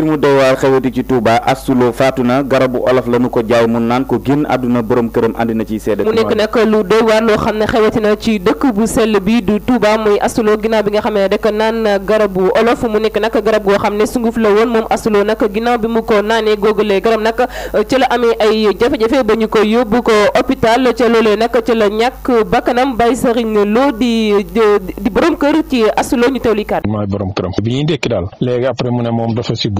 mbir mu doy waar xewati ci Touba Assulo faatu na garabu olof la nu ko jaaw mun naan ko génn àdduna borom këram àndi na ci seede mu nekk nag lu doy waar loo xam ne xewati na ci dëkk bu sell bi du Touba muy Assulo ginnaaw bi nga xam ne rek naan garabu olof mu nekk nag garab goo xam ne sunguf la woon moom Assulo nag ginnaaw bi mu ko naanee googalee garab nag ci la amee ay jafe-jafe ba ñu ko yóbbu ko hôpital ca loolee nag ca la ñàkk bakkanam bay sëriñ loo di di borom kër ci Assulo ñu teewlikaat mooy borom këram bi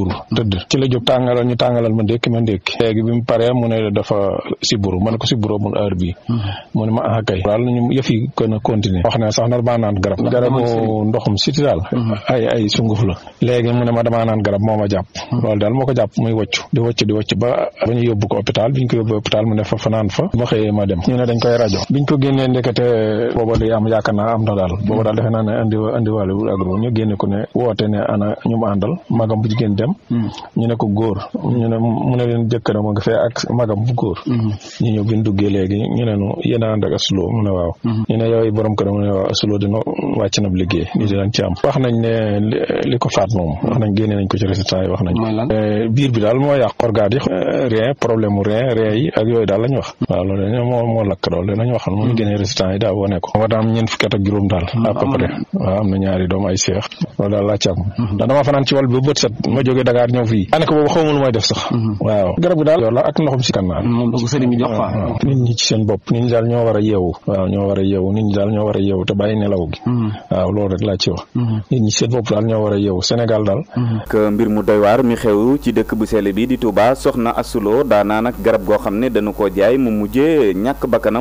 siburu tëdd ci la jóg tàngalal ñu tàngalal ma ndékki ma ndékki léegi bi mu paree mu ne dafa siburu ma ne ko siburu mun heure bi hmm. mu ne ma ah kay daal ñu yëf yi gën a continuer wax ne sax na damaa naan garab garabu ndoxum siti daal hmm. ay ay sunguf la léegi mu ne ma damaa naan garab moo ma jàpp hmm. loolu daal moo ko jàpp muy wocc di wocc di wocc ba ba ñu yóbbu ko hôpital bi ñu ko yóbbu hôpital mu ne fa fanaan fa ma xëyee ma dem ñu ne dañ koy rajo biñ ko génnee ndekete booba day am yaakaar naa am na daal booba daal defe naa ne andi andiwaale wul agro ñu génne ko ne woote ne ana ñu mu àndal magam bu jigéen dem magam ñu ne ko góor ñu ne mu ne leen jëkkëram a nga fee ak magam bu góor mm-hmm. ñu ñëw bi ñu duggee léegi ñu ne nu a ànd ak asuloo mu ne waaw mm-hmm. ñu ne yow borom këram mu ne waaw asuloo dina wàcc na liggéey ni di lañ ci am wax nañ ne li ko faat moom wax nañ génne nañ ko ci résultat yi wax nañ eh, biir bi daal moo yàq organe yi eh, rien problème mu rien rien yi ak yooyu daal lañ wax waaw loolu dañ moo moo lakk loolu danañ waxal moom génne résultat yi daal wane ko ma daam ñeent fukki at ak juróom daal mm-hmm. à peu am na ñaari doom ay seex loolu laa ci am jóge Dakar ñëw fii anaka boobu xawma lu may def sax mhm. waaw garab gi daal loolu la ak ndoxum si kanam moom la ko sëriñ bi jox quoi nit ñi ci seen bopp nit ñi daal ñoo war a yeewu waaw ñoo war a yeewu nit ñi daal ñoo war a yeewu te bàyyi nelaw gi mhm. waaw loolu rek laa ci wax mhm. nit ñi seen bopp daal ñoo war a yeewu Sénégal daal mbir mu doy mi xew ci dëkk bu sell bi di Touba soxna Assulo daanaa garab goo xam ne dañu koo jaay mu mujjee ñàkk bakkanam